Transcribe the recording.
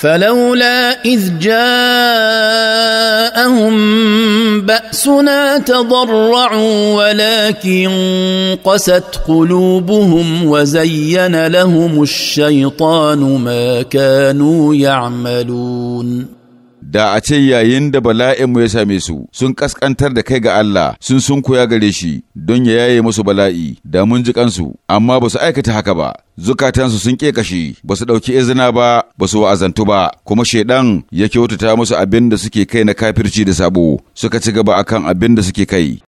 فلولا اذ جاءهم باسنا تضرعوا ولكن قست قلوبهم وزين لهم الشيطان ما كانوا يعملون da a ce yayin da bala'inmu ya same su sun kaskantar da kai ga Allah sun sun koya gare shi don ya yaye musu bala'i da mun ji kansu amma ba su aikata haka ba zukatansu sun kekashi ba su ɗauki izina ba ba su wa'azantu ba kuma shaidan ya kyautata musu abin da suke kai na kafirci da sabo suka ci gaba akan abin da suke kai